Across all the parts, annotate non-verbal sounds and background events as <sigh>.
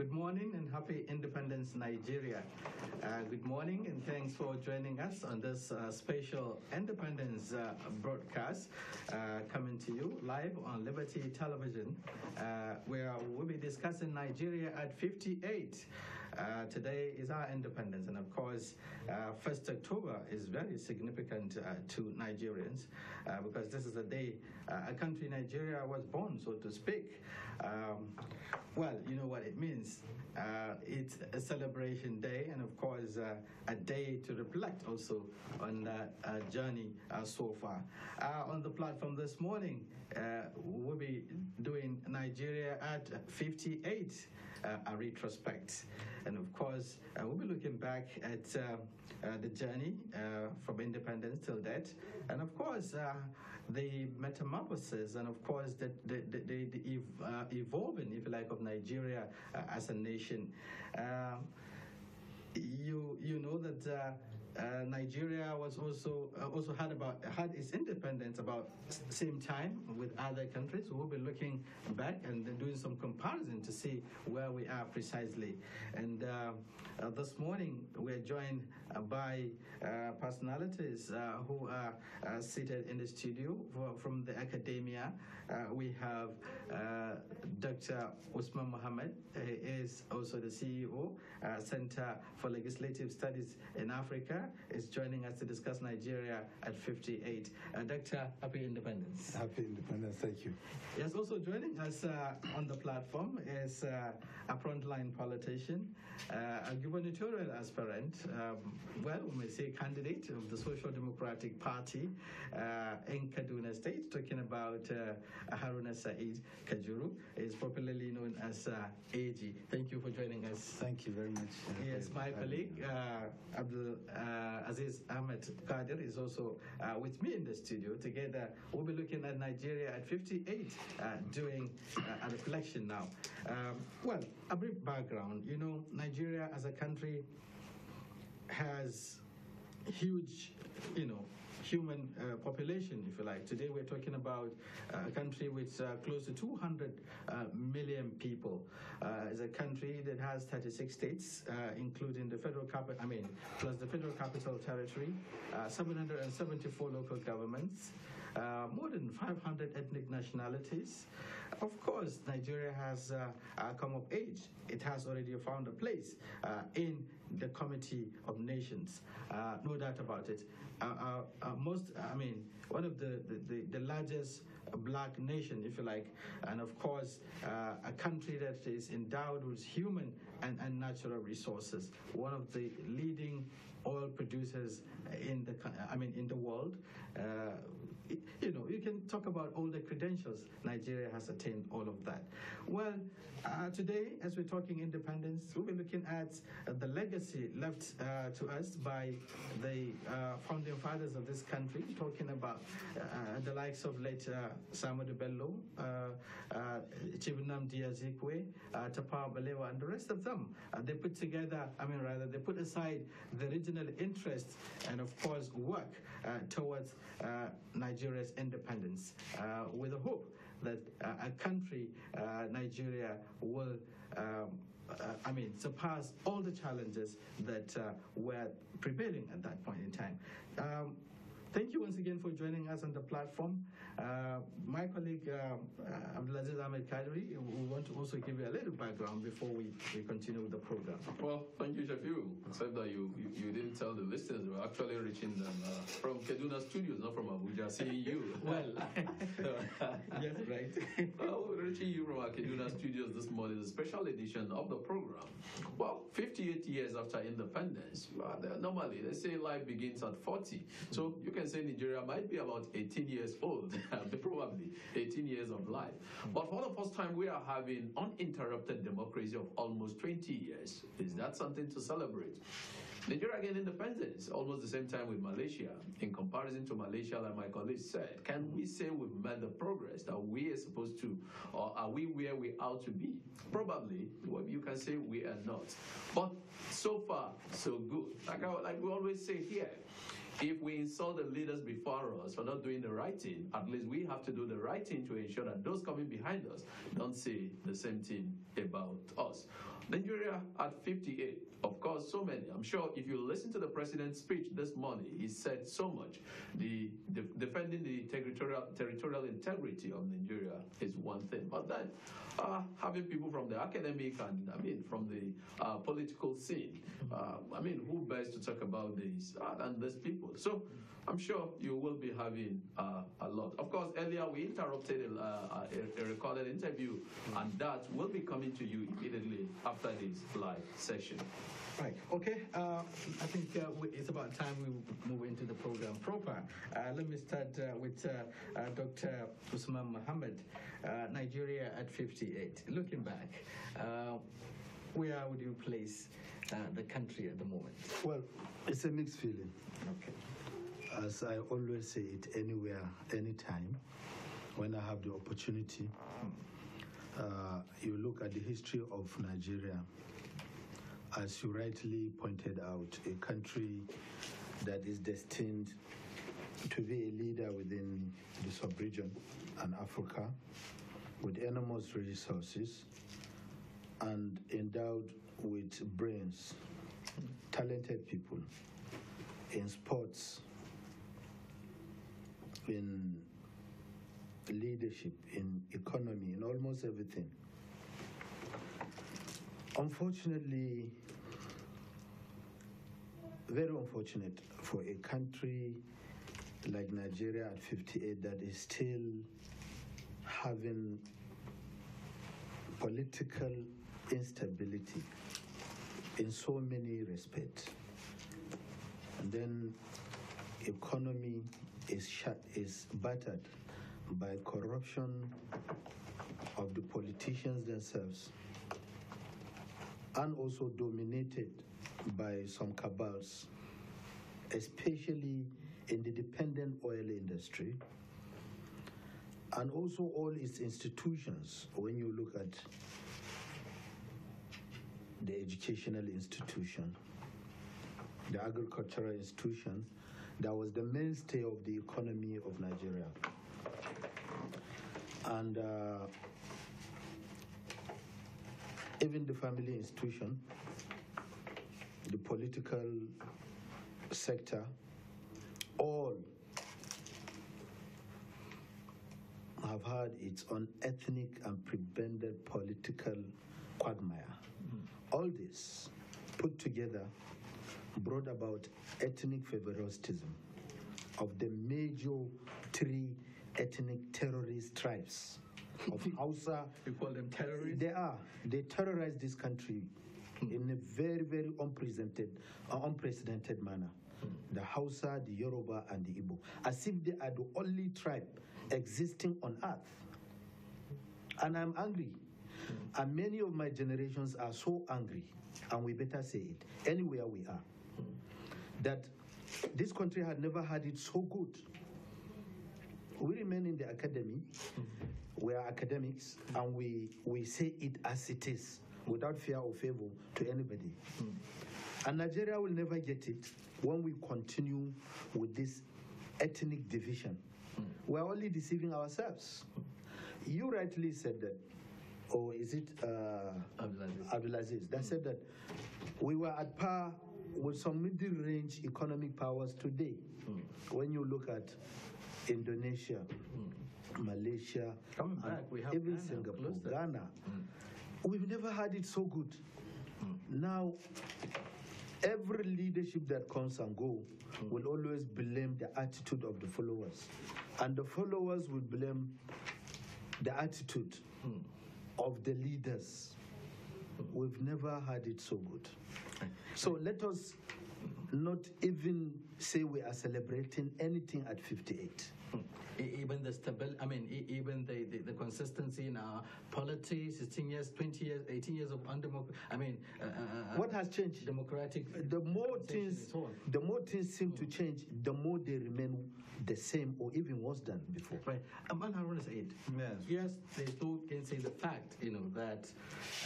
Good morning and happy Independence Nigeria. Uh, good morning and thanks for joining us on this uh, special Independence uh, broadcast uh, coming to you live on Liberty Television, uh, where we'll be discussing Nigeria at 58. Uh, today is our independence, and of course, uh, 1st October is very significant uh, to Nigerians uh, because this is the day uh, a country, Nigeria, was born, so to speak. Um, well, you know what it means. Uh, it's a celebration day, and of course, a day to reflect also on that journey so far. on the platform this morning, we'll be doing Nigeria at 58. Uh, a retrospect. And of course, uh, we'll be looking back at uh, the journey from independence till that. And of course, the metamorphosis and of course, the, the, the, the evolving, if you like, of Nigeria as a nation you you know that uh, uh, Nigeria was also uh, also had about had its independence about same time with other countries. So we'll be looking back and doing some comparison to see where we are precisely. And uh, uh this morning we're joined uh, by uh, personalities who are seated in the studio for, from the academia. we have Dr. Usman Mohammed, he is also the CEO Center for Legislative Studies in Africa is joining us to discuss Nigeria at 58. Uh, Doctor, happy independence. Happy independence, thank you. Yes, also joining us uh, on the platform is uh, a frontline politician, uh, a gubernatorial aspirant, um, well, we may say candidate of the Social Democratic Party uh, in Kaduna State, talking about uh, Haruna Said Kajuru, is popularly known as uh, AG. Thank you for joining us. Thank you very much. yes, my colleague, Abdul. Uh, Aziz Ahmed Kadir is also uh, with me in the studio. Together, we'll be looking at Nigeria at 58 uh, doing a reflection now. Um, well, a brief background. You know, Nigeria as a country has huge, you know, human uh, population, if you like. Today we're talking about a country with uh, close to 200 uh, million people. Uh, it's a country that has 36 states, uh, including the federal capital, I mean, plus the federal capital territory, uh, 774 local governments, more than 500 ethnic nationalities, of course, Nigeria has uh, uh, come of age. It has already found a place uh, in the Committee of Nations, uh, no doubt about it. most, I mean, one of the, the, the largest black nation, if you like, and of course, uh, a country that is endowed with human and, and, natural resources, one of the leading oil producers in the, I mean, in the world, <laughs> you know, you can talk about all the credentials. Nigeria has attained all of that. Well, uh, today, as we're talking independence, we'll be looking at uh, the legacy left uh, to us by the uh, founding fathers of this country, talking about uh, the likes of late uh, Samuel Bello, Chibunam Diazikwe, Tapawa Balewa, and the rest of them. they put together, I mean, rather, they put aside the regional interests and, of course, work towards Nigeria Nigeria's independence uh, with the hope that uh, a country, uh, Nigeria, will, um, I mean, surpass all the challenges that were prevailing at that point in time. Um, Thank you once again for joining us on the platform. Uh, my colleague uh, uh Abdulaziz Ahmed Kadri, uh, we want to also give you a little background before we, we continue with the program. Well, thank you, Shafiu, except that you, you, you didn't tell the listeners we're actually reaching them uh, from Kaduna Studios, not from Abuja, seeing you. <laughs> well, <laughs> yes, right. <laughs> well, we're reaching you from our Kaduna Studios this morning, a special edition of the program. Well, 58 years after independence, uh, normally they say life begins at 40. So you can can say Nigeria might be about 18 years old, <laughs> probably 18 years of life. Hmm. But for the first time, we are having uninterrupted democracy of almost 20 years. Is that something to celebrate? Nigeria gained independence almost the same time with Malaysia. In comparison to Malaysia, like my colleague said, can we say we've made the progress that we are supposed to, or are we where we ought to be? Probably, you can say we are not. But so far, so good. Like, I, like we always say here, if we insult the leaders before us for not doing the right thing, at least we have to do the right thing to ensure that those coming behind us don't say the same thing about us. Nigeria at 58. Of course, so many. I'm sure if you listen to the president's speech this morning, he said so much. The, the defending the territorial territorial integrity of Nigeria is one thing, but then uh, having people from the academic and I mean from the uh, political scene, uh, I mean who best to talk about this uh, and these people? So I'm sure you will be having uh, a lot. Of course, earlier we interrupted a, uh, a, a, recorded interview, mm-hmm. and that will be coming to you immediately after this live session. Right. Okay. Uh, I think uh, it's about time we move into the program proper. Uh, let me start uh, with Dr. Usman Mohammed, Nigeria at 58. Looking back, where would you place the country at the moment? Well, it's a mixed feeling. Okay as I always say it anywhere, anytime, when I have the opportunity, uh, you look at the history of Nigeria. As you rightly pointed out, a country that is destined to be a leader within the sub-region and Africa with enormous resources and endowed with brains, talented people in sports, in leadership, in economy, in almost everything. Unfortunately, very unfortunate for a country like Nigeria at 58 that is still having political instability in so many respects. And then economy is, shut, is battered by corruption of the politicians themselves and also dominated by some cabals, especially in the dependent oil industry and also all its institutions when you look at the educational institution, the agricultural institution, that was the mainstay of the economy of Nigeria. And uh, even the family institution, the political sector, all have had its own ethnic and prevented political quagmire. Mm. All this put together brought about ethnic favoritism of the major three ethnic terrorist tribes of <laughs> Hausa. you call them terrorists? They are. They terrorize this country mm. in a very, very unprecedented, uh, unprecedented manner. Mm. The Hausa, the Yoruba, and the Igbo, as if they are the only tribe existing on earth. And I'm angry. Mm. And many of my generations are so angry, and we better say it anywhere we are that this country had never had it so good. We remain in the academy, mm-hmm. we are academics, and we, we say it as it is, without fear or favor to anybody. Mm. And Nigeria will never get it when we continue with this ethnic division. Mm. We are only deceiving ourselves. Mm. You rightly said that or is it uh, Abdulaziz, that said that we were at par with some middle-range economic powers today. Mm. When you look at Indonesia, mm. Malaysia, Coming back, we have even Ghana, Singapore, Ghana, hmm. we've never had it so good. Hmm. Now, every leadership that comes and goes hmm. will always blame the attitude of the followers, and the followers will blame the attitude of the leaders. We've never had it so good. So let us not even say we are celebrating anything at 58. Hmm. Even the stability, I mean, even the, the, the, consistency in our politics, 16 years, 20 years, 18 years of undemocratic, I mean, uh, uh, uh, uh, what has changed? Democratic. The more things, the more things seem to hmm. change, the more they remain the same or even worse than before. Right. Aman Harun said, yes. yes, they still can say the fact, you know, that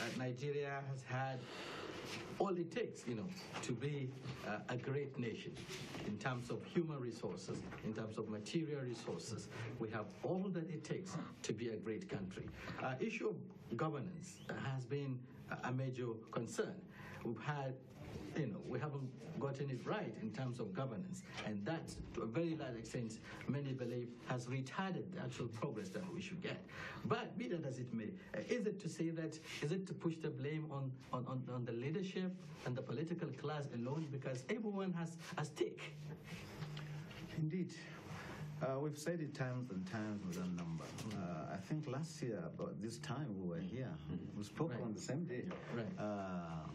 uh, Nigeria has had all it takes, you know, to be uh, a great nation in terms of human resources, in terms of material resources. We have all that it takes to be a great country. Uh, issue of governance has been a major concern. We've had you know, we haven't gotten it right in terms of governance. And that, to a very large extent, many believe has retarded the actual progress that we should get. But be that as it may, uh, is it to say that, is it to push the blame on, on, on, on the leadership and the political class alone? Because everyone has a stake. Indeed. Uh, we've said it times and times without number. Uh, I think last year, about this time, we were here. Mm-hmm. We spoke right. on the same day. Right. Uh,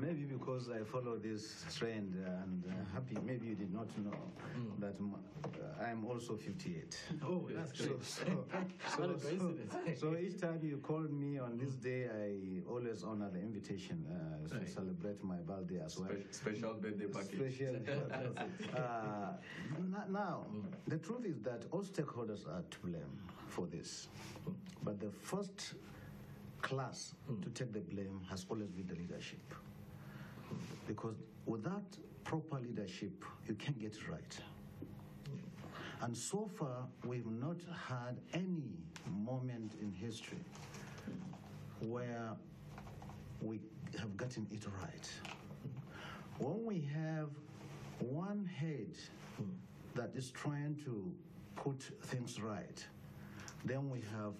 Maybe because I follow this trend and uh, happy, maybe you did not know mm. that uh, I'm also 58. Oh, that's so, great. So, <laughs> so, so, so, each time you call me on this day, I always honor the invitation uh, right. to celebrate my birthday as well. Spe special birthday package. Special <laughs> uh, now, hmm. the truth is that all stakeholders are to blame for this. Hmm. But the first class mm. to take the blame has always been the leadership. Because without proper leadership, you can't get it right. And so far, we've not had any moment in history where we have gotten it right. When we have one head that is trying to put things right, then we have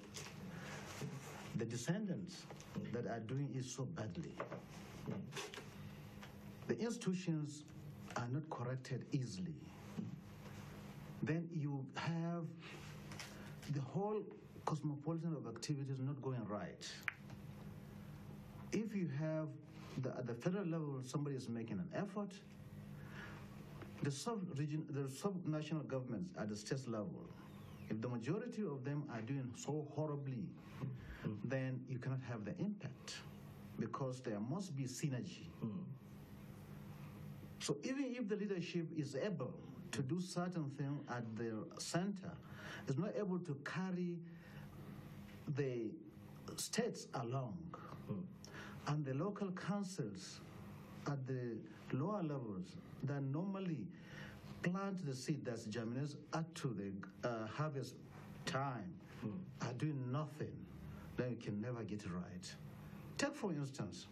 the descendants that are doing it so badly the institutions are not corrected easily, then you have the whole cosmopolitan of activities not going right. If you have the, at the federal level, somebody is making an effort, the sub-region, the sub-national governments at the state level, if the majority of them are doing so horribly, mm -hmm. then you cannot have the impact because there must be synergy. Mm -hmm. So even if the leadership is able to do certain things at the center, it's not able to carry the states along mm. and the local councils at the lower levels that normally plant the seed that's germinates up to the uh, harvest time mm. are doing nothing, then you can never get it right. Take, for instance,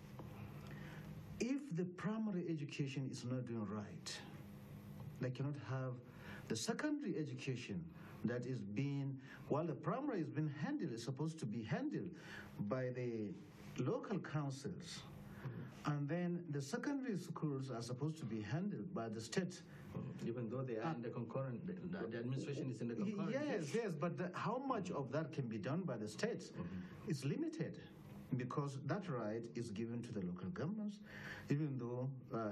if the primary education is not doing right, they cannot have the secondary education that is being, while the primary is being handled, is supposed to be handled by the local councils. Mm-hmm. And then the secondary schools are supposed to be handled by the state. Even though they are uh, in the concurrent, the, the, administration is in the concurrent. Yes, yes, but the, how much mm-hmm. of that can be done by the states mm-hmm. is limited because that right is given to the local governments, even though uh,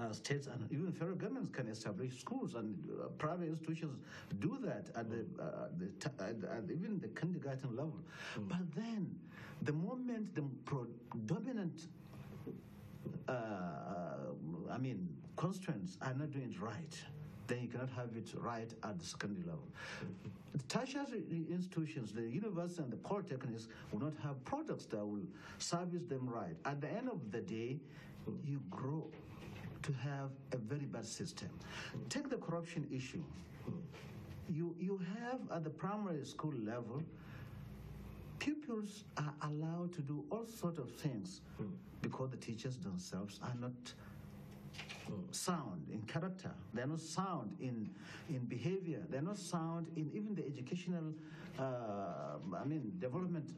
uh, states and even federal governments can establish schools, and uh, private institutions do that at the, uh, the t- at, at even the kindergarten level. Mm. But then, the moment the predominant, uh, I mean, constraints are not doing it right then you cannot have it right at the secondary level. The tertiary institutions, the university, and the polytechnics will not have products that will service them right. At the end of the day, you grow to have a very bad system. Take the corruption issue. You, you have at the primary school level, pupils are allowed to do all sorts of things because the teachers themselves are not uh, sound in character. They're not sound in in behavior. They're not sound in even the educational, uh, I mean, development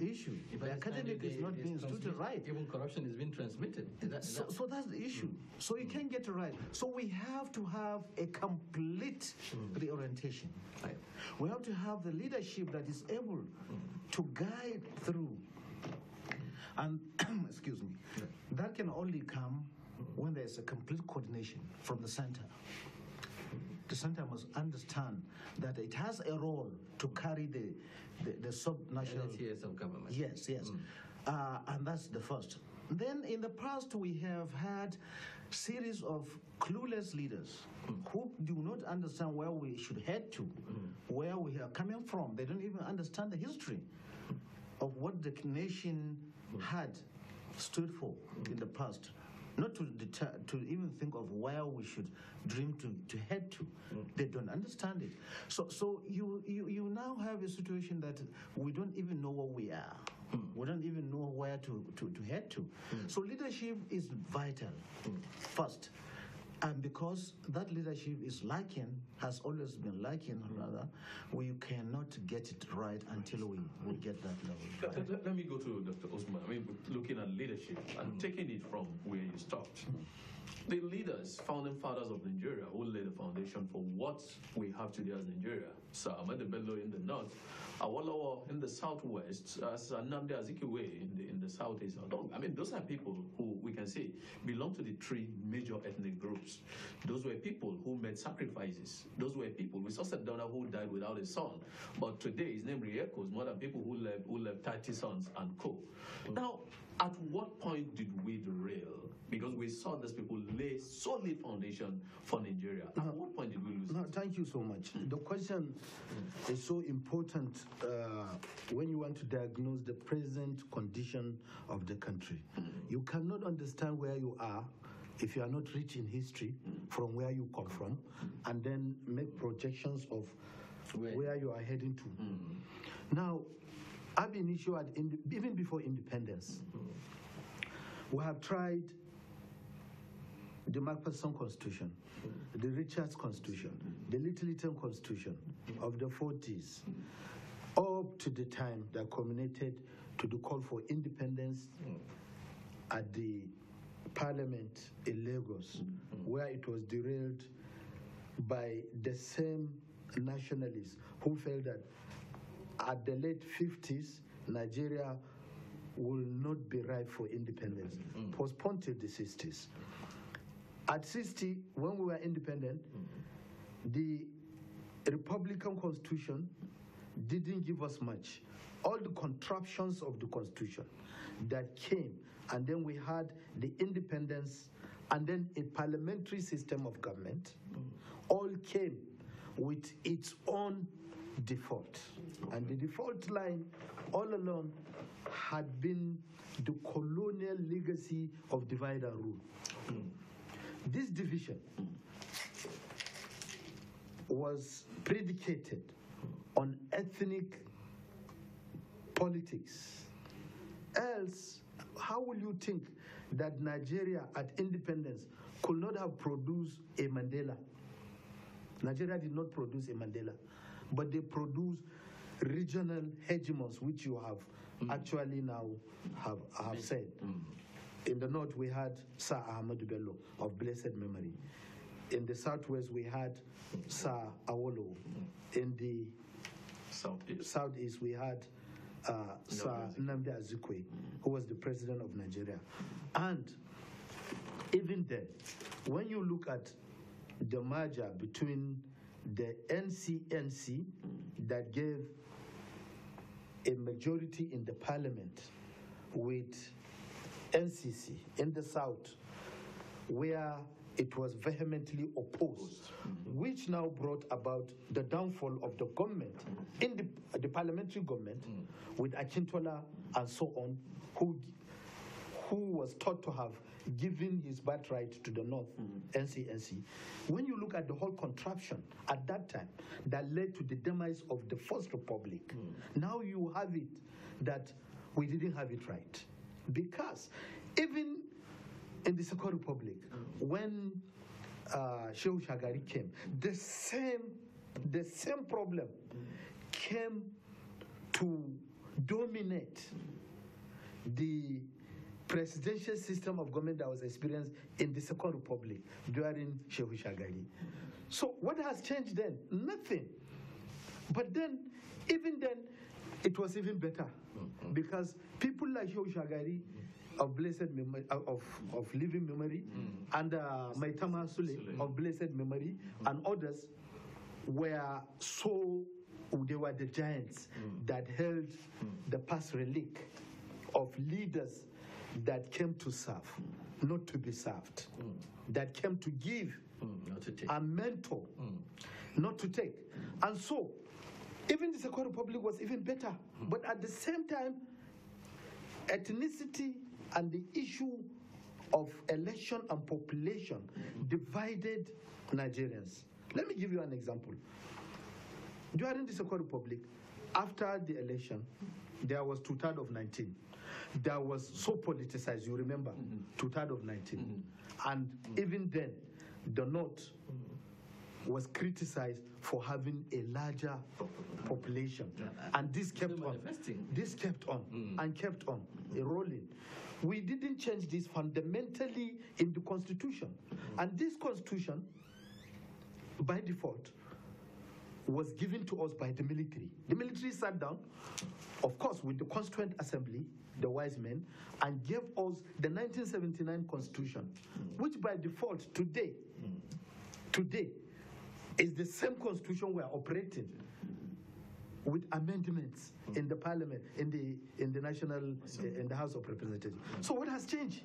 issue. If the academic is not being stood right. Even corruption is being transmitted. Is that, is so, that? so, that's the issue. Mm. So you mm. can't get it right. So we have to have a complete mm. reorientation. Right. We have to have the leadership that is able hmm. to guide through. And <clears throat> excuse me, that can only come when there is a complete coordination from the center, the center must understand that it has a role to carry the the, the sub-national tiers of government. Yes, yes, mm. uh, and that's the first. Then in the past we have had series of clueless leaders mm. who do not understand where we should head to, mm. where we are coming from. They don't even understand the history of what the nation mm. had stood for in the past not to deter, to even think of where we should dream to, to head to. Mm. They don't understand it. So, so you, you, you now have a situation that we don't even know where we are. Mm. We don't even know where to, to, to head to. Mm. So leadership is vital, hmm. first. And because that leadership is lacking, has always been lacking, mm-hmm. rather, we cannot get it right until we, we get that level. Right. Let, let, let, me go to Dr. Osman. I mean, looking at leadership and mm. taking it from where you stopped. Mm the leaders, founding fathers of Nigeria, who laid the foundation for what we have today as Nigeria. So Ahmed Bello in the north, Awolowo in the southwest, uh, Nnamdi Azikiwe in the, in the southeast. I mean, those are people who we can say belong to the three major ethnic groups. Those were people who made sacrifices. Those were people. We saw Seth who died without a son, but today his name re-echoes more than people who left, who left 30 sons and co. Now, at what point did we derail? Because we saw these people lay solid foundation for Nigeria. At no, what point did we lose? No, it? thank you so much. the question is so important uh, when you want to diagnose the present condition of the country. Mm-hmm. You cannot understand where you are if you are not rich in history mm-hmm. from where you come from, mm-hmm. and then make projections of where, where you are heading to. Now, Ab initio, had in, even before independence, we have tried the Macpherson Constitution, the Richards Constitution, the Littleton Constitution of the 40s, up to the time that culminated to the call for independence at the Parliament in Lagos, where it was derailed by the same nationalists who felt that at the late 50s, Nigeria will not be ripe for independence. Mm. Postponed till the 60s. At 60, when we were independent, mm. the Republican Constitution didn't give us much. All the contraptions of the Constitution that came, and then we had the independence and then a parliamentary system of government, mm. all came with its own default. And the default line all along had been the colonial legacy of divide and rule. This division was predicated on ethnic politics. Else, how will you think that Nigeria at independence could not have produced a Mandela? Nigeria did not produce a Mandela but they produce regional hegemons, which you have mm. actually now have, have said. Mm. In the north, we had Sir Ahmed Bello of blessed memory. In the southwest, we had Sir Awolo. Mm. In the southeast, southeast we had uh, Sir Nnamdi Azikwe, mm. who was the president of Nigeria. And even then, when you look at the merger between the NCNC that gave a majority in the parliament with NCC in the south, where it was vehemently opposed, which now brought about the downfall of the government, in the, the parliamentary government, with Achintola and so on, who, who was thought to have giving his birthright to the North, mm. Mm-hmm. NCNC. When you look at the whole contraption at that time that led to the demise of the First Republic, mm. now you have it that we didn't have it right. Because even in the Second Republic, mm. when uh, Shehu Shagari came, the same, the same problem mm. came to dominate the presidential system of government that was experienced in the Second Republic during Shehu Shagari. So what has changed then? Nothing. But then, even then, it was even better mm-hmm. because people like Shehu Shagari mm-hmm. of blessed memory, of, of living memory, mm-hmm. and uh, Maitama Sule of blessed memory, mm-hmm. and others were so, they were the giants mm-hmm. that held mm-hmm. the past relic of leaders that came to serve, not to be served, mm. that came to give, mm, not to take. a mentor, mm. not to take. And so, even the Second Republic was even better. But at the same time, ethnicity and the issue of election and population divided Nigerians. Let me give you an example. During the Second Republic, after the election, there was two-thirds of 19 that was so politicized, you remember, mm -hmm. 2019. Mm -hmm. And mm -hmm. even then, the North was criticized for having a larger population. Yeah, and this kept on. This kept on mm. and kept on rolling. We didn't change this fundamentally in the Constitution. Mm-hmm. And this Constitution, by default, was given to us by the military. The military sat down, of course, with the Constituent Assembly the wise men, and gave us the 1979 Constitution, mm. which by default today, mm. today, is the same Constitution we are operating with amendments mm. in the parliament, in the in the national, uh, in the House of Representatives. Mm. So what has changed?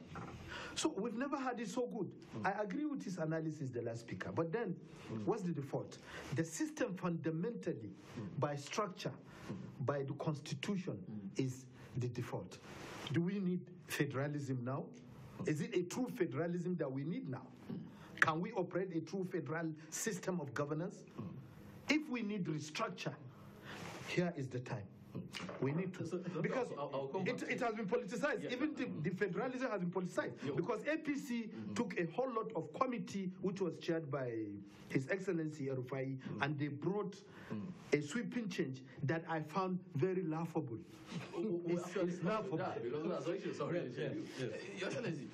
So we've never had it so good. Mm. I agree with his analysis, the last speaker. But then, mm. what's the default? The system fundamentally, mm. by structure, mm. by the constitution, is the default. Do we need federalism now? Is it a true federalism that we need now? Can we operate a true federal system of governance? If we need restructure, here is the time. We need to, because it, it has been politicized. Even the, the, mm-hmm. federalism has been politicized because APC mm-hmm. took a whole lot of committee which was chaired by His Excellency Arufai, mm-hmm. and they brought a sweeping change that I found very laughable. <laughs> it's, it's laughable. because that's Your Excellency,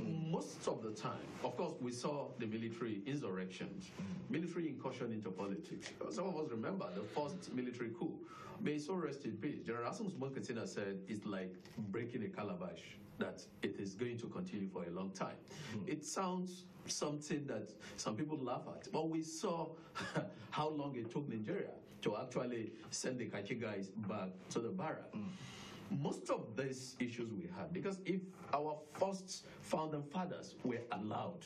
most of the time, of course, we saw the military insurrections, mm. military incursion into politics. Some of us remember the first military coup. May so rest in peace. General Asmus Mokatina said it's like breaking a calabash, that it is going to continue for a long time. Mm. It sounds something that some people laugh at, but we saw <laughs> how long it took Nigeria to actually send the Kachi guys back to the barrack. Mm most of these issues we had because if our first founding fathers were allowed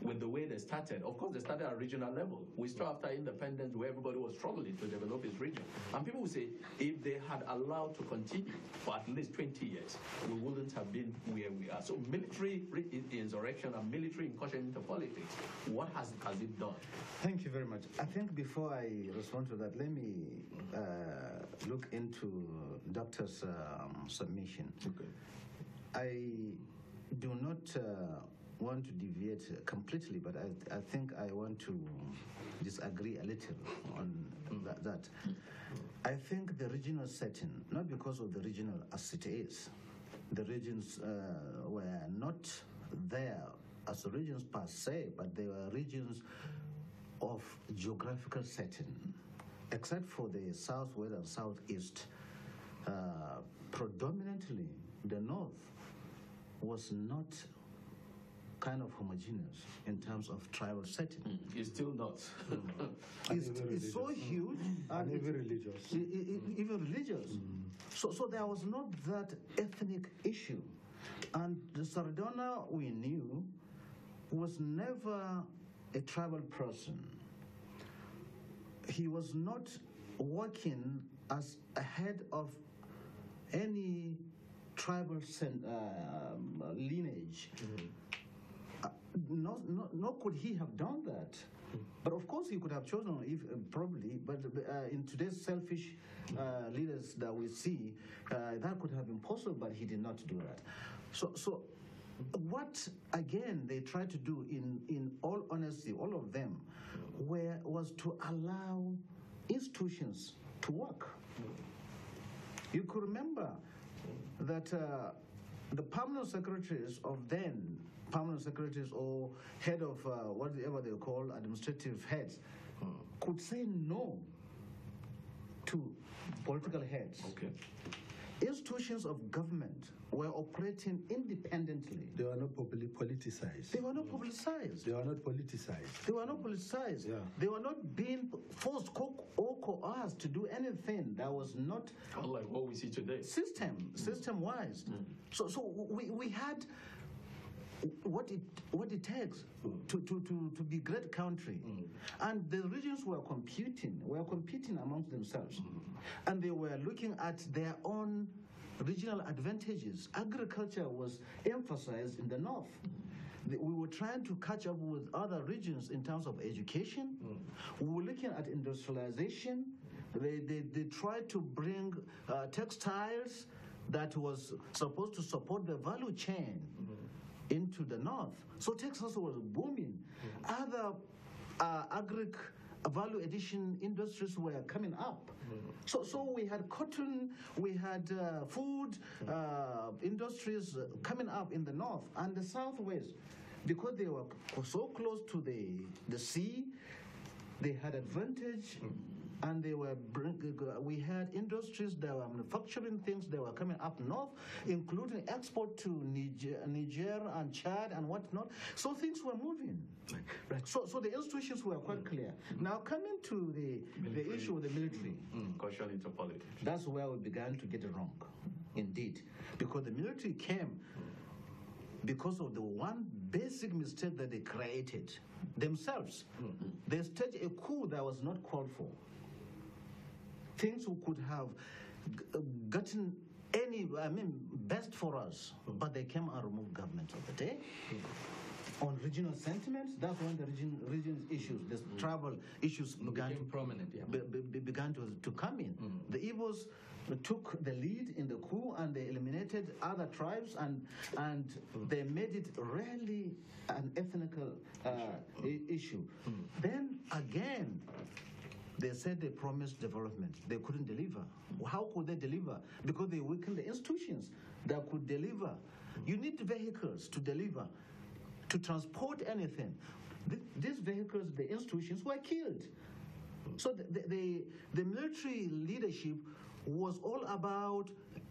with the way they started. Of course, they started at regional level. We started after independence where everybody was struggling to develop his region. And people would say, if they had allowed to continue for at least 20 years, we wouldn't have been where we are. So military insurrection and military incursion into politics, what has, has it done? Thank you very much. I think before I respond to that, let me uh, look into doctor's um, submission. Okay. I do not uh, want to deviate completely, but I, I think I want to disagree a little on that, that. I think the regional setting, not because of the regional as it is, the regions uh, were not there as regions per se, but they were regions of geographical setting. Except for the southwest and southeast, uh, predominantly the north was not kind of homogeneous in terms of tribal setting. Mm. It's still not. Mm. <laughs> it's, it's so huge. Hmm. And even religious. It, it, mm. Even religious. Hmm. So, so there was not that ethnic issue. And the Sardona we knew was never a tribal person. He was not working as a head of any tribal uh, um, lineage. Mm-hmm. no, no, no, could he have done that. But of course, he could have chosen, if uh, probably. But uh, in today's selfish uh, leaders that we see, uh, that could have been possible. But he did not do that. So, so what again they tried to do, in in all honesty, all of them, were was to allow institutions to work. You could remember that uh, the permanent secretaries of then permanent secretaries or head of uh, whatever they call administrative heads hmm. could say no to political heads. Okay. Institutions of government were operating independently. They were not politicized. They were not politicized. They were not politicized. They were not politicized. Yeah. They were not being forced or coerced to do anything that was not. like what we see today. System, mm system wise. Mm So, so we, we had what it what it takes mm. to, to, to, to be great country. Mm And the regions were competing, were competing amongst themselves. Mm and they were looking at their own regional advantages. Agriculture was emphasized in the north. We were trying to catch up with other regions in terms of education. Mm. We were looking at industrialization. They, they, they tried to bring uh, textiles that was supposed to support the value chain mm. into the north. So Texas was booming. Mm. Other uh, agri value addition industries were coming up. So, so we had cotton, we had uh, food uh, industries uh, coming up in the north and the southwest, because they were so close to the the sea, they had advantage. Mm and they were bringing, we had industries that were manufacturing things that were coming up north, including export to Niger, Niger and Chad and whatnot. So things were moving. Right. So, so the institutions were quite mm. clear. Mm. Now coming to the, the issue of the military. Mm. into politics. That's where we began to get it wrong, indeed. Because the military came because of the one basic mistake that they created themselves. Mm -hmm. They staged a coup that was not called for things who could have uh, gotten any, I mean, best for us, but they came and removed government of the day. Hmm. On regional sentiments, that's when the region, region issues, the mm. issues began to, prominent, yeah. be, be, began to, to come in. Mm. The Igbos took the lead in the coup and they eliminated other tribes and and mm. they made it really an ethnical uh, issue. issue. Hmm. Then again, they said they promised development. They couldn't deliver. How could they deliver? Because they weakened the institutions that could deliver. You need vehicles to deliver, to transport anything. Th these vehicles, the institutions were killed. So the, the, the, military leadership was all about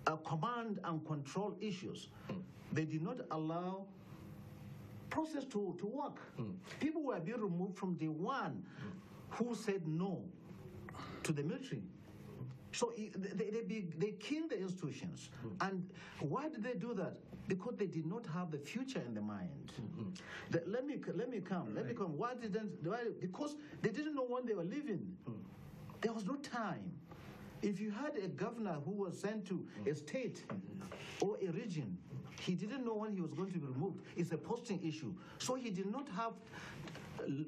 uh, command and control issues. Mm. They did not allow process to, to work. Mm. People were being removed from the one mm. who said no to the military. So they, they, they kill the institutions. Mm. And why did they do that? Because they did not have the future in the mind. Mm-hmm. The, let, me, let me come, let me come. Why didn't, why, because they didn't know when they were leaving. Mm. There was no time. If you had a governor who was sent to a mm. state mm-hmm. or a region, he didn't know when he was going to be removed. It's a posting issue. So he did not have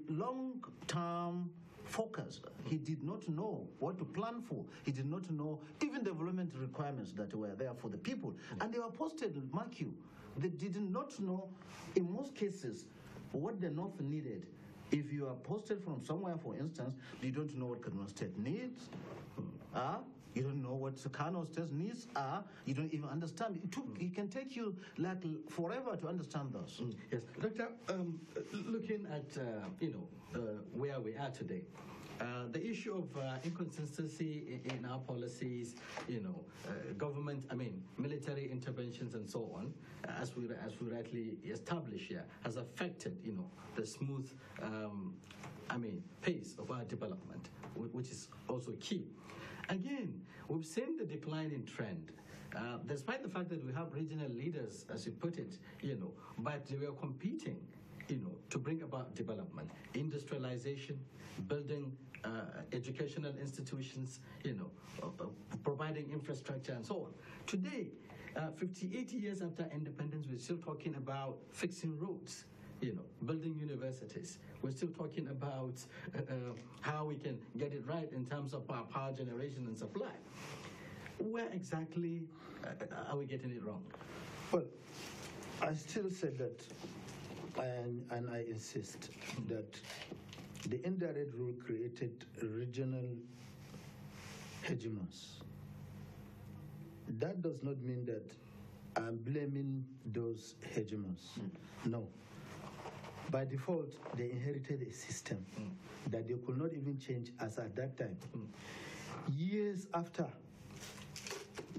long-term focus. He did not know what to plan for. He did not know even development requirements that were there for the people. Yeah. And they were posted, mark you, they did not know, in most cases, what the North needed. If you are posted from somewhere, for instance, you don't know what Kaduna State needs. Uh, you don't know what Sukarno's test needs are. Ah, you don't even understand. It, took, mm. it can take you like forever to understand those. Mm. Yes, Doctor. Um, looking at uh, you know uh, where we are today, uh, the issue of uh, inconsistency in, in, our policies, you know, uh, government, I mean, military interventions and so on, uh, as we as we rightly established here, has affected, you know, the smooth, um, I mean, pace of our development, which is also key. Again, we've seen the decline in trend, uh, despite the fact that we have regional leaders, as you put it, you know, but we are competing, you know, to bring about development, industrialization, building uh, educational institutions, you know, uh, uh providing infrastructure and so on. Today, uh, 58 years after independence, we're still talking about fixing roads, you know, building universities. We're still talking about uh, uh, how we can get it right in terms of our power generation and supply. Where exactly uh, are we getting it wrong? Well, I still say that, and, and I insist that the indirect rule created regional hegemons. That does not mean that I'm blaming those hegemons. Mm. No by default, they inherited a system mm. that they could not even change as at that time. Mm. Years after,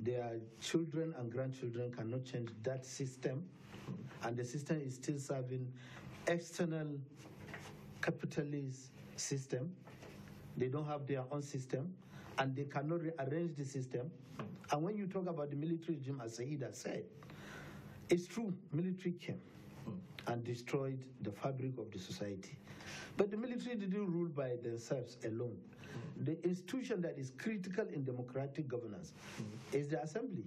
their children and grandchildren cannot change that system, mm. and the system is still serving external capitalist system. They don't have their own system, and they cannot rearrange the system. Mm. And when you talk about the military regime, as Saida said, it's true, military came and destroyed the fabric of the society. But the military didn't rule by themselves alone. Mm. The institution that is critical in democratic governance mm. is the assembly,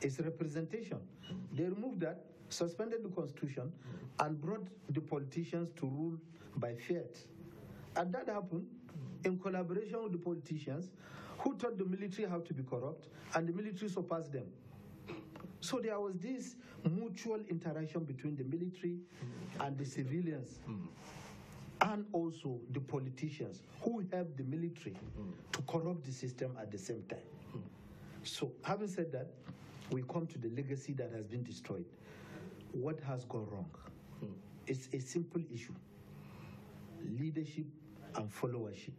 it's representation. Mm. They removed that, suspended the constitution, and brought the politicians to rule by fiat. And that happened in collaboration with the politicians who taught the military how to be corrupt, and the military surpassed them. So there was this mutual interaction between the military and the civilians. Mm. And also the politicians who helped the military mm. to corrupt the system at the same time. Mm. So, having said that, we come to the legacy that has been destroyed. What has gone wrong? It's a simple issue leadership and followership.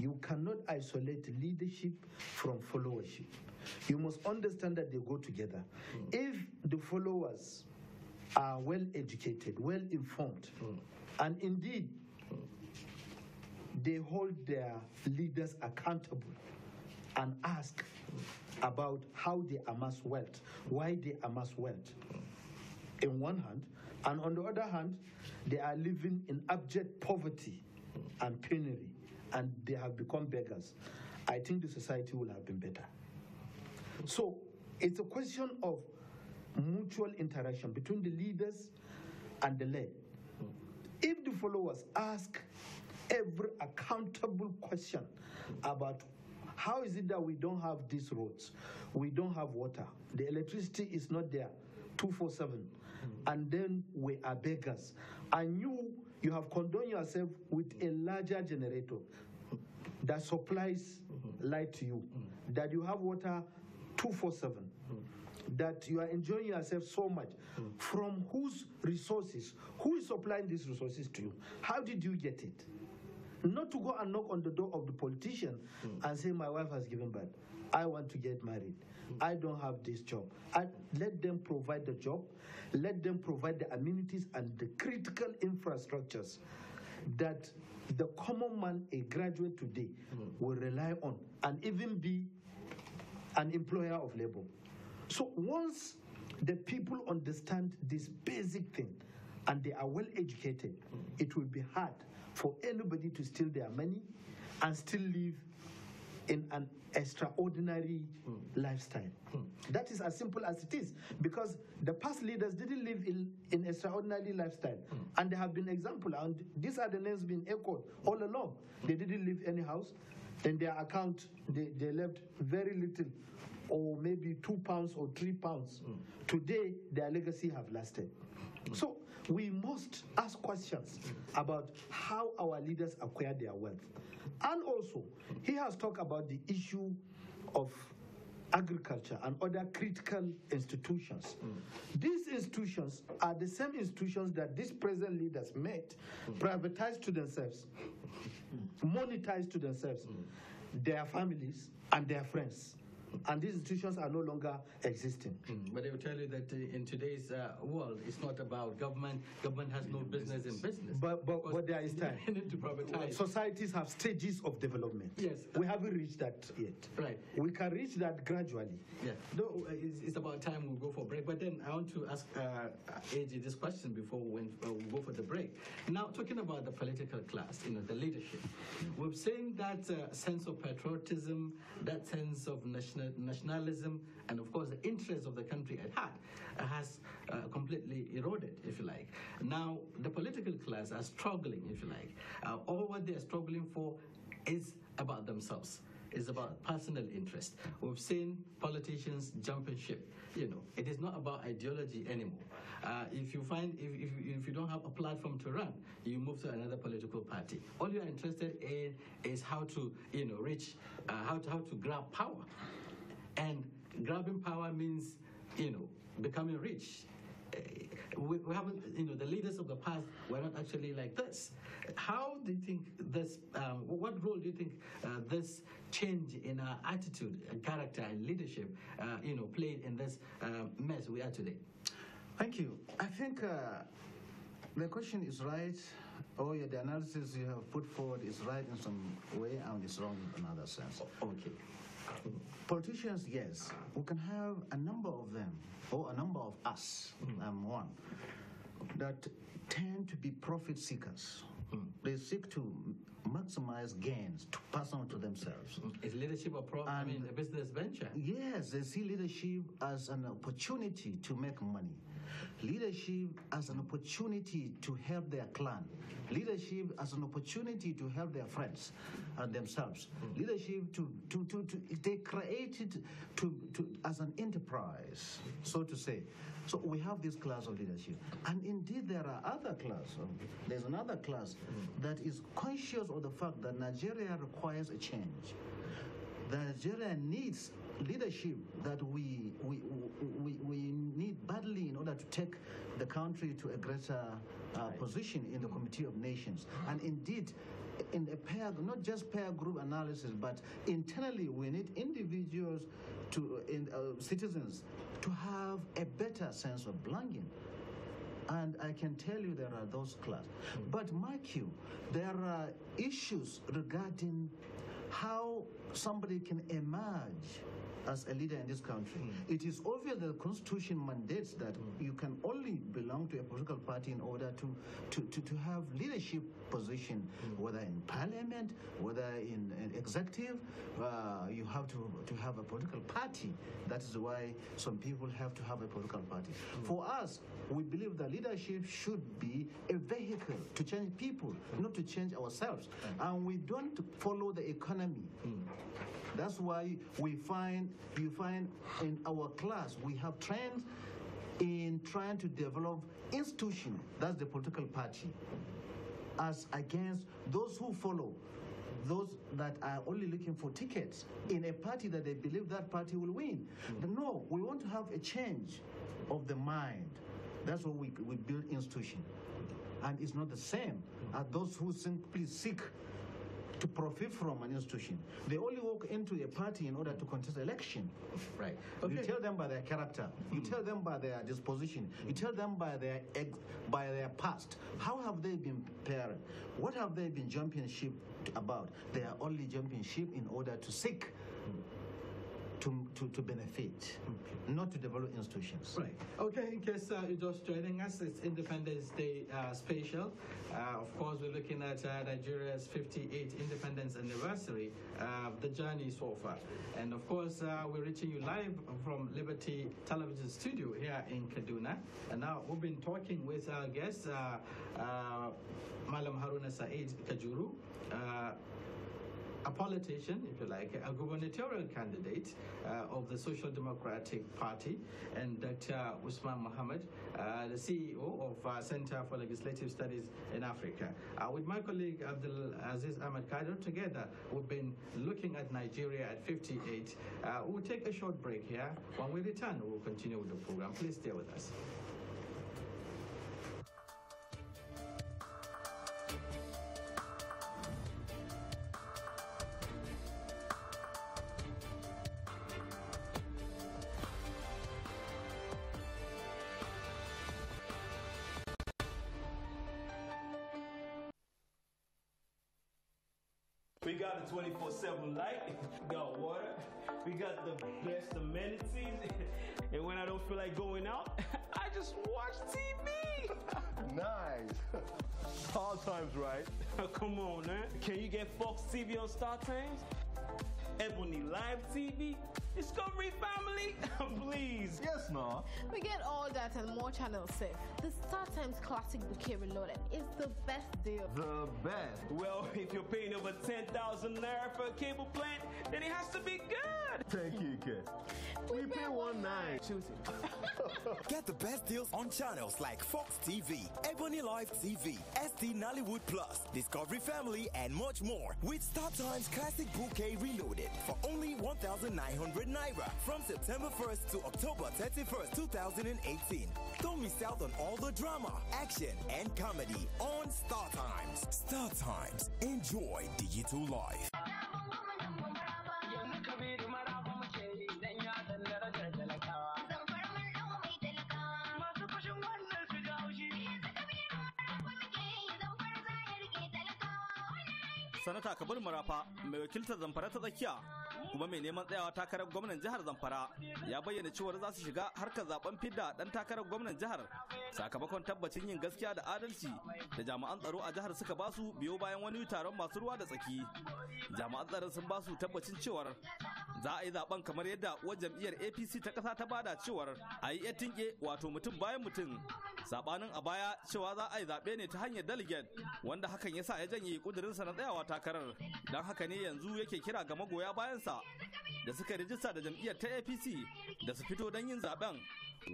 You cannot isolate leadership from followership. You must understand that they go together. Mm. If the followers are well educated, well informed, mm. and indeed hmm. they hold their leaders accountable and ask hmm. about how they amass wealth, why they amass wealth, hmm. in one hand, and on the other hand, they are living in abject poverty and penury, and they have become beggars. I think the society will have been better. So it's a question of mutual interaction between the leaders and the led. If the followers ask every accountable question about how is it that we don't have these roads, we don't have water, the electricity is not there 247, mm. and then we are beggars, and you, you have condoned yourself with a larger generator that supplies light to you, that you have water 247 mm. that you are enjoying yourself so much mm. from whose resources who is supplying these resources to you how did you get it not to go and knock on the door of the politician mm. and say my wife has given birth i want to get married i don't have this job I, let them provide the job let them provide the amenities and the critical infrastructures that the common man, a graduate today, mm. will rely on and even be an employer of labor. So once the people understand this basic thing and they are well educated, it will be hard for anybody to steal their money and still live in an extraordinary mm. lifestyle. Mm. That is as simple as it is because the past leaders didn't live in an extraordinary lifestyle mm. and there have been examples and these are the names being echoed all along. They didn't live any house, in their account, they, they left very little, or maybe two pounds or three pounds. Mm. Today, their legacy have lasted. Mm. So we must ask questions about how our leaders acquire their wealth. And also, he has talked about the issue of agriculture, and other critical institutions. Mm. These institutions are the same institutions that these present leaders made, mm. privatized to themselves, mm. monetized to themselves, mm. their families, and their friends and these institutions are no longer existing. Mm, but I will tell you that uh, in today's uh, world, it's not about government. Government has no business in business. But but, but there is time. to privatize. Societies have stages of development. Yes. We haven't reached that yet. Right. We can reach that gradually. Yeah. No, uh, it's, it's about time we go for a break. But then I want to ask uh, uh AJ this question before we, uh, we, go for the break. Now, talking about the political class, you know, the leadership, we've seen that uh, sense of patriotism, that sense of national the nationalism and, of course, the interests of the country at heart has uh, completely eroded, if you like. Now, the political class are struggling, if you like. Uh, all what they are struggling for is about themselves is about personal interest. We've seen politicians jumping ship. You know, it is not about ideology anymore. Uh, if you find if, if, if, you don't have a platform to run, you move to another political party. All you are interested in is how to you know reach, uh, how to how to grab power. And grabbing power means, you know, becoming rich. Eh, we, we, haven't, you know, the leaders of the past were not actually like this. How do you think this, um, what role do you think uh, this change in our attitude and character and leadership, uh, you know, played in this uh, mess we are today? Thank you. I think uh, the question is right, or the analysis you have put forward is right in some way and it's wrong in another sense. Okay. Politicians, yes, we can have a number of them, or a number of us, mm. am um, one, that tend to be profit seekers. Mm. They seek to maximize gains to pass on to themselves. Hmm. Is leadership a problem? I mean, a business venture? Yes, they see leadership as an opportunity to make money. Leadership as an opportunity to help their clan. Leadership as an opportunity to help their friends and themselves. Leadership to, to, to, to they created to, to, as an enterprise, so to say. So we have this class of leadership. And indeed, there are other classes. There's another class that is conscious of the fact that Nigeria requires a change. Nigeria needs leadership that we, we, we, we need badly in order to take the country to a greater uh, position in the Committee of Nations. Mm-hmm. And indeed, in a pair, not just pair group analysis, but internally we need individuals to, in, uh, citizens to have a better sense of belonging. And I can tell you there are those clubs. Mm. Mm-hmm. But mark you, there are issues regarding how somebody can emerge as a leader in this country. Mm. It is obvious that the constitution mandates that mm. you can only belong to a political party in order to, to, to, to have leadership position, mm. whether in parliament, whether in, in executive, uh, you have to, to have a political party. That is why some people have to have a political party. Hmm. For us, we believe that leadership should be a vehicle to change people, hmm. not to change ourselves. Hmm. And we don't follow the economy. That's why we find, you find in our class, we have trends in trying to develop institution, that's the political party, as against those who follow those that are only looking for tickets in a party that they believe that party will win. But no, we want to have a change of the mind. That's what we, we build institution. And it's not the same as those who simply seek to profit from an institution. They only walk into a party in order to contest election. Right. Okay. You tell them by their character. You hmm. tell them by their disposition. You tell them by their by their past. How have they been prepared? What have they been jumping ship about? They are only jumping ship in order to seek to, to, to benefit, okay. not to develop institutions. Right. Okay, in case uh, you're just joining us, it's Independence Day uh, special. Uh, of course, we're looking at uh, Nigeria's 58th independence anniversary, uh, the journey so far. And of course, uh, we're reaching you live from Liberty Television Studio here in Kaduna. And now we've been talking with our guest, Malam Haruna Said Kajuru, a politician, if you like, a gubernatorial candidate uh, of the Social Democratic Party, and Dr. Usman Mohammed, uh, the CEO of uh, Center for Legislative Studies in Africa. with my colleague Abdul Aziz Ahmed Kader, together we've been looking at Nigeria at 58. we'll take a short break here. When we return, we'll continue with the program. Please stay with us. We got the 24 7 light, got water, we got the best amenities. And when I don't feel like going out, <laughs> I just watch TV. <laughs> nice. <laughs> All times right. Come on, man. Can you get Fox TV on Star Times? Ebony Live TV? Discovery family, <laughs> please. Yes, Ma. We get all that and more Channel 6. The Star Times Classic Bouquet Reloaded is the best deal. The best? Well, if you're paying over 10,000 naira for a cable plant, then it has to be good. Thank you, kid. We, we pay one night. Choose it. <laughs> Get the best deals on channels like Fox TV, Ebony Live TV, ST Nollywood Plus, Discovery Family, and much more. With Star Times Classic Bouquet Reloaded for only 1,900 Naira from September 1st to October 31st, 2018. Don't miss out on all the drama, action, and comedy on Star Times. Star Times. Enjoy digital life. sanata marafa mai wakiltar zamfara ta tsakiya kuma mai neman tsayawa takarar gwamnan jihar zamfara ya bayyana cewar za su shiga harkar zaben fidda dan takarar gwamnan jihar sakamakon tabbacin yin gaskiya da adalci da jami'an tsaro a jihar suka basu biyo bayan wani taron masu ruwa da tsaki jami'an tsaron sun basu tabbacin cewar za a yi zaben kamar yadda uwar jam'iyyar apc ta kasa ta bada cewar a yi tinke wato mutum bayan mutum sabanin a baya cewa za a yi zaɓe ne ta hanyar delegate wanda hakan ya sa ya janye kudurinsa na tsayawa takarar don haka ne yanzu yake kira ga magoya bayansa da suka rijista da jam'iyyar ta apc da su fito don yin zaben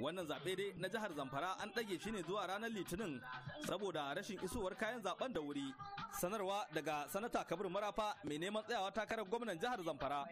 wannan zaɓe dai na jihar zamfara an ɗage shi ne zuwa ranar litinin saboda rashin isowar kayan zaben da wuri sanarwa daga sanata kabir marafa mai neman tsayawa takarar gwamnan jihar zamfara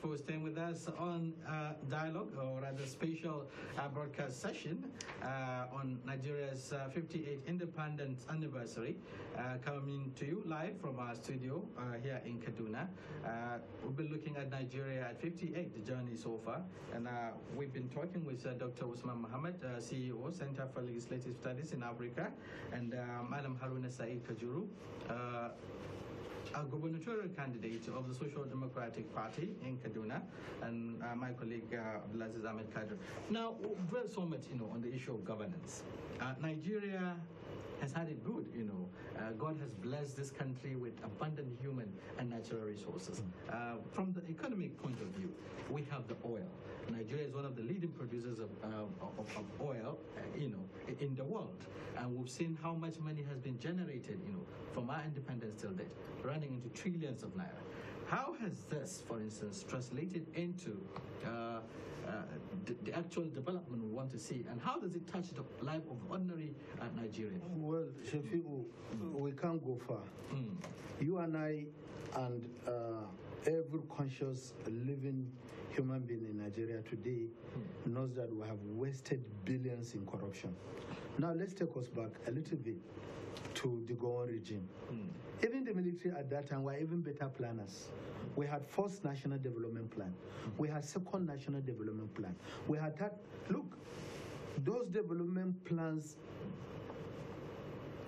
for staying with us on uh, dialogue, or rather special uh, broadcast session uh, on Nigeria's 58th uh, independence anniversary, uh, coming to you live from our studio here in Kaduna. we've been looking at Nigeria at 58, the journey so far, and we've been talking with Dr. Usman Mohammed, CEO, Center for Legislative Studies in Africa, and Madam Haruna Saeed Kajuru, a gubernatorial candidate of the Social Democratic Party in Kaduna, and uh, my colleague uh, Ahmed Kadir. Now, very so much, you know, on the issue of governance. Uh, Nigeria has had it good, you know. Uh, God has blessed this country with abundant human and natural resources. Hmm. Uh, from the economic point of view, we have the oil. Nigeria is one of the leading producers of, uh, of, of oil, uh, you know, in the world. And we've seen how much money has been generated, you know, from our independence till date, running into trillions of naira. How has this, for instance, translated into uh, uh, the, the, actual development we want to see, and how does it touch the life of ordinary uh, Nigerians? Well, Shafiqu, mm. we can't go far. Mm. You and I and uh, every conscious living human being in Nigeria today mm. knows that we have wasted billions in corruption. Now let's take us back a little bit to the Goan regime. Mm. Even the military at that time were even better planners. We had first national development plan. We had second national development plan. We had that. Look, those development plans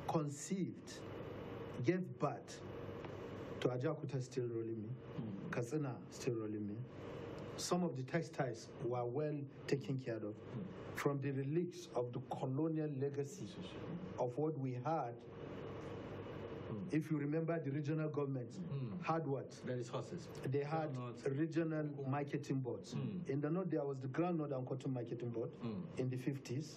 conceived, gave birth to Ajakuta still rolling me, mm. still rolling me. Some of the textiles were well taken care of. Mm. From the relics of the colonial legacy of what we had Mm. If you remember, the regional government mm. had what? There is horses. They had regional marketing boards. Mm. In the north, there was the Grand Northern Cotton Marketing Board mm. in the 50s.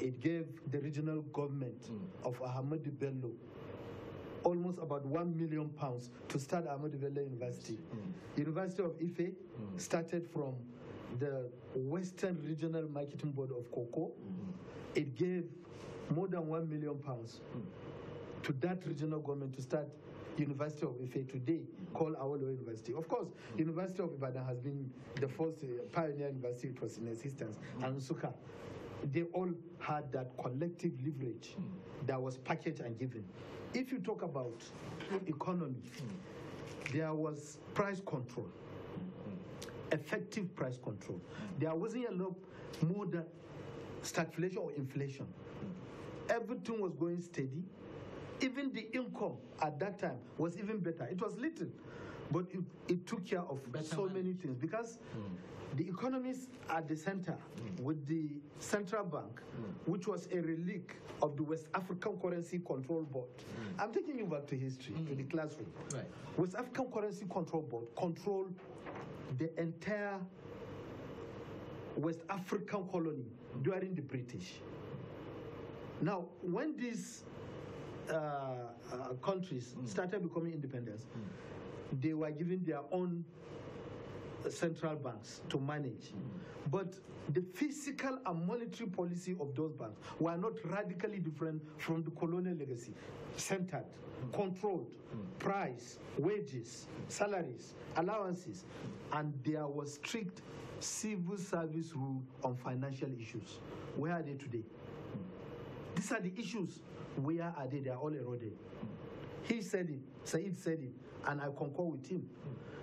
It gave the regional government of Ahmadu Bello almost about one million pounds to start Ahmadu Bello University. Mm. University of Ife mm. started from the Western Regional Marketing Board of Cocoa. Mm. It gave more than one million pounds mm. to that regional government to start University of Ife today, called Awolo University. Of course, University of Ibadan has been the first uh, pioneer university it was in existence, and Suka. They all had that collective leverage that was packaged and given. If you talk about economy, there was price control, effective price control. There wasn't a lot more than stagflation or inflation everything was going steady. Even the income at that time was even better. It was little, but it, it took care of better so many things because mm. the economies at the center mm. with the central bank, mm. which was a relic of the West African Currency Control Board. Hmm. I'm taking you back to history, to the hmm. classroom. Right. West African Currency Control Board controlled the entire West African colony during the British. Now, when these uh, uh countries mm. started becoming independent, mm. they were given their own central banks to manage. Mm. But the physical and monetary policy of those banks were not radically different from the colonial legacy. Centered, mm. controlled, mm. price, wages, salaries, allowances, hmm. and there was strict civil service rule on financial issues. Where are they today? These are the issues. Where are they? They are all eroded. He said it, Said said it, and I concur with him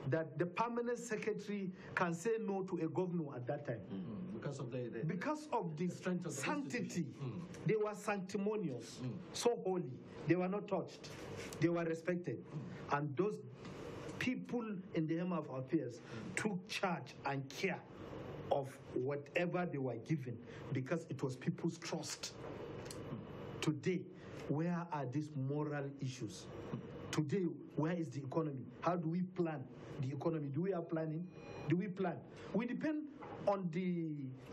that the permanent secretary can say no to a governor at that time. Mm -hmm. Because of the, the, because of the, the sanctity. Mm. They were sanctimonious, mm. so holy. They were not touched. They were respected. Mm. And those people in the hem of affairs mm. took charge and care of whatever they were given because it was people's trust. Today, where are these moral issues? Today, where is the economy? How do we plan the economy? Do we are planning? Do we plan? We depend on the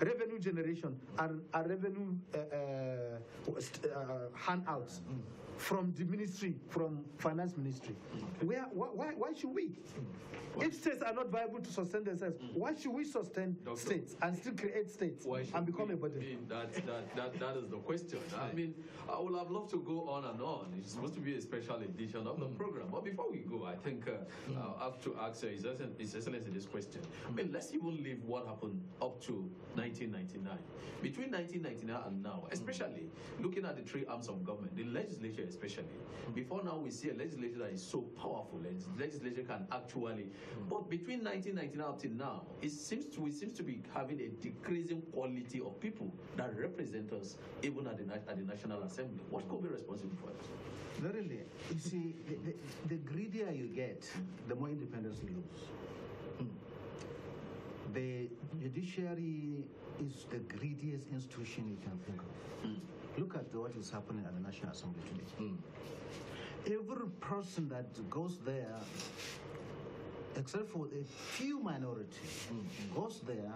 revenue generation and revenue uh, uh, uh handouts. Mm from the ministry, from finance ministry. Where, why, why should we? Hmm. If states are not viable to sustain themselves, hmm. why should we sustain Doctor, states and still create states and become a I Mean, that, that, that, that is the question. I mean, I would have loved to go on and on. It's supposed to be a special edition of the hmm. program. But before we go, I think uh, mm. i have to ask His Excellency this question. I mean, let's even leave what happened up to 1999. Between 1999 and now, especially looking at the three arms of government, the legislature especially. Before now, we see a legislature that is so powerful. legislature can actually, but between 1999 up to now, it seems to, we seems to be having a decreasing quality of people that represent us even at the, at the National Assembly. What could be responsible for it? Verily, you see, the, the, the, greedier you get, the more independence you lose. Mm. The judiciary is the greediest institution you can think of. Mm. Look at what is happening at the National Assembly today. Mm. Every person that goes there, except for a few minority, mm. goes there.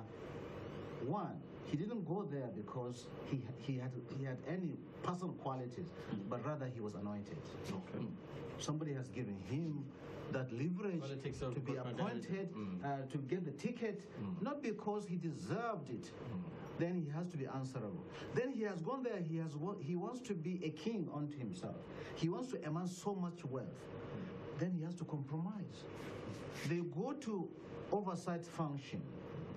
One, he didn't go there because he he had he had any personal qualities, mm. but rather he was anointed. Okay. Hmm. Somebody has given him that leverage to be appointed, hmm. uh, to get the ticket, not because he deserved it then he has to be answerable. Then he has gone there, he, has, he wants to be a king unto himself. He wants to amass so much wealth. Then he has to compromise. They go to oversight function,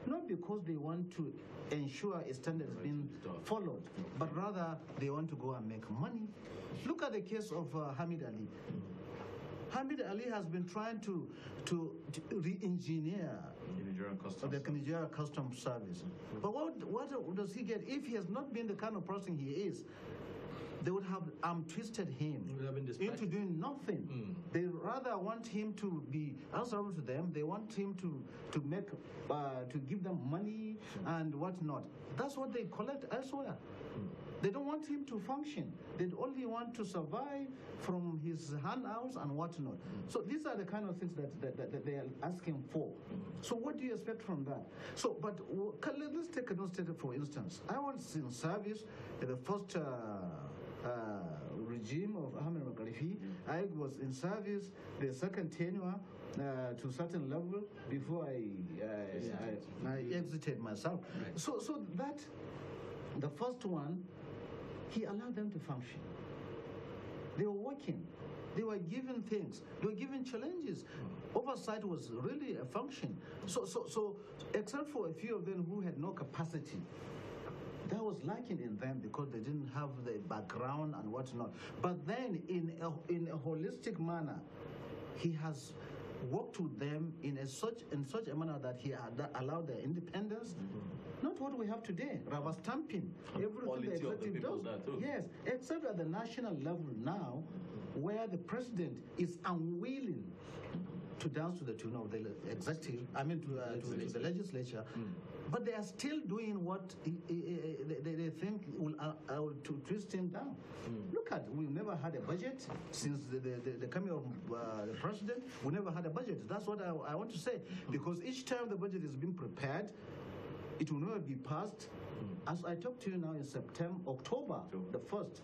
not because they want to ensure a standard has being followed, but rather they want to go and make money. Look at the case of uh, Hamid Ali. Hamid Ali has been trying to, to re-engineer the Nigerian Customs Service. But what, what does he get if he has not been the kind of person he is? they would have um, twisted him into doing nothing. Mm. They rather want him to be answerable to them. They want him to to make uh, to give them money mm. and whatnot. That's what they collect elsewhere. Mm. They don't want him to function. They only want to survive from his handouts and whatnot. So these are the kind of things that, that, that, that they are asking for. So what do you expect from that? So, but let's take another state for instance. I was in service in the first uh, uh, regime of Ahmed Makarifi. I was in service the second tenure uh, to a certain level before I, I, uh, I, I exited myself. Right. So, so that the first one he allowed them to function. They were working. They were given things. They were given challenges. Oversight was really a function. So, so, so, except for a few of them who had no capacity, that was lacking in them because they didn't have the background and whatnot. But then, in a, in a holistic manner, he has worked with them in a such in such a manner that he allowed their independence. Mm-hmm. Not what we have today, rubber stamping. Everything the executive does. Yes, except at the national level now, where the president is unwilling to dance to the tune of the executive, I mean to, uh, to, to the legislature, mm. But they are still doing what they, think will, uh, uh, to twist him down. Mm. Look at, we've never had a budget since the, the, the, the coming of uh, the president. We never had a budget. That's what I, I want to say. Because each time the budget is being prepared, it will never be passed. Mm. As I talk to you now in September, October, October. the 1st,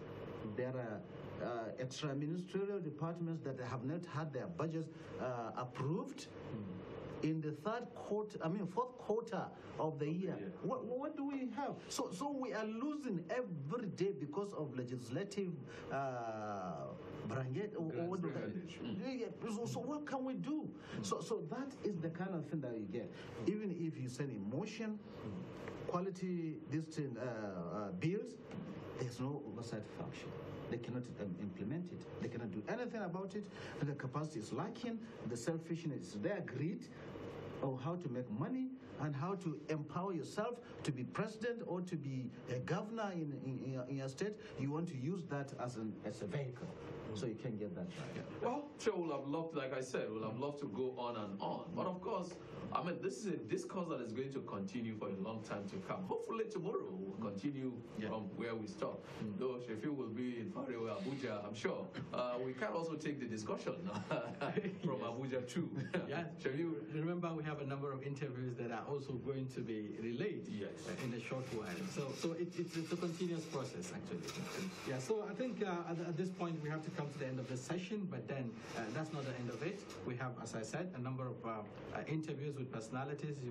there are uh, extra ministerial departments that have not had their budgets uh, approved. Mm in the third quarter, I mean fourth quarter of the year. What, what do we have? So, so we are losing every day because of legislative uh, branget, what so, so, what can we do? Mm. So, so that is the kind of thing that you get. Even if you send emotion, quality distant uh, uh, bills, there's no oversight function. They cannot um, implement it. They cannot do anything about it. The capacity is lacking. The selfishness is there, greed, of oh, how to make money and how to empower yourself to be president or to be a governor in, in, in, your, in your state, you want to use that as, an, as a vehicle. So you can get that right. Well, sure, we'll have loved, like I said, we'll have loved to go on and on. But of course, I mean, this is a discourse that is going to continue for a long time to come. Hopefully tomorrow we'll mm. continue yeah. from where we stop. Mm. Though Shafi will be in Faroe, Abuja, I'm sure. Uh, we can also take the discussion <laughs> from yes. Abuja too. <laughs> yeah. Shafi, remember we have a number of interviews that are also going to be relayed yes. Uh, in a short while. So, so it, it's, it's, a continuous process actually. Yeah, so I think uh, at, at, this point we have to come to the end of the session, but then uh, that's not the end of it. We have, as I said, a number of uh, uh, interviews with personalities. we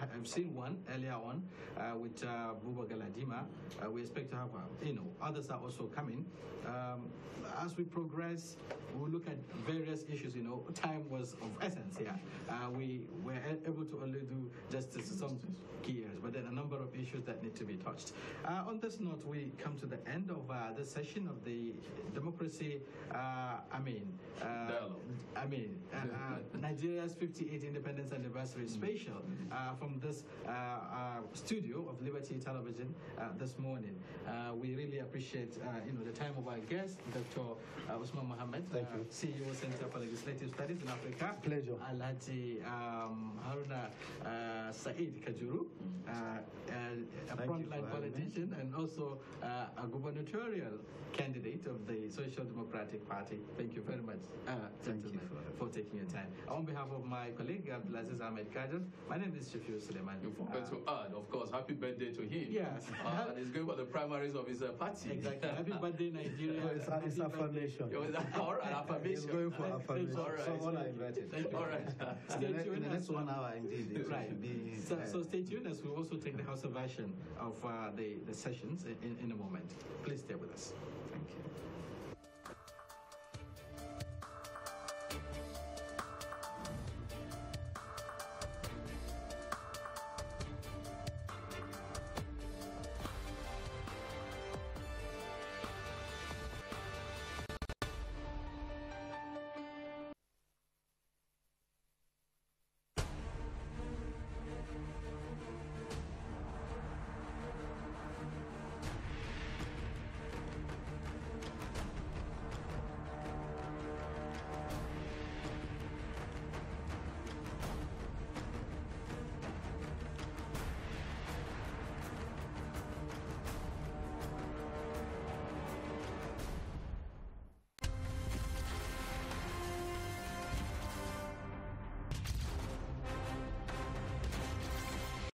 have have I've seen one earlier on uh, with uh, Buba Galadima. Uh, we expect to have, uh, you know, others are also coming. Um, as we progress, we look at various issues. You know, <laughs> time was of essence Yeah, Uh, we were able to only do justice to some key areas, but there are a number of issues that need to be touched. Uh, on this note, we come to the end of uh, session of the democracy. Uh, I mean, uh, I mean, uh, <laughs> Nigeria's 58th independence anniversary mm. special from this studio of Liberty Television this morning. we really appreciate you know the time of our guest, Dr. Usman Mohammed. Thank you. Uh, CEO Center for Legislative Studies in Africa. Pleasure. Alhaji um, Haruna uh, Said Kajuru, uh, a frontline politician and also uh, a gubernatorial candidate of the Social Democratic Party. Thank you very much, uh, Thank you for, for, taking your time. On behalf of my colleague Abdulaziz Ahmed Kajan, my name is Shafiu Suleiman. You forgot to add, of course, happy birthday to him. Yes. and he's going for the primaries of his party. Exactly. happy <laughs> birthday, Nigeria. No, it's, a, it's a foundation. <laughs> All right affirmation. He's going for affirmation. All right. all are invited. All right. stay tuned. In the next one hour, indeed. It right. Be, so, uh, so, stay tuned as we also take the House version of uh, the, the sessions in, in a moment. Please stay with us. Thank you.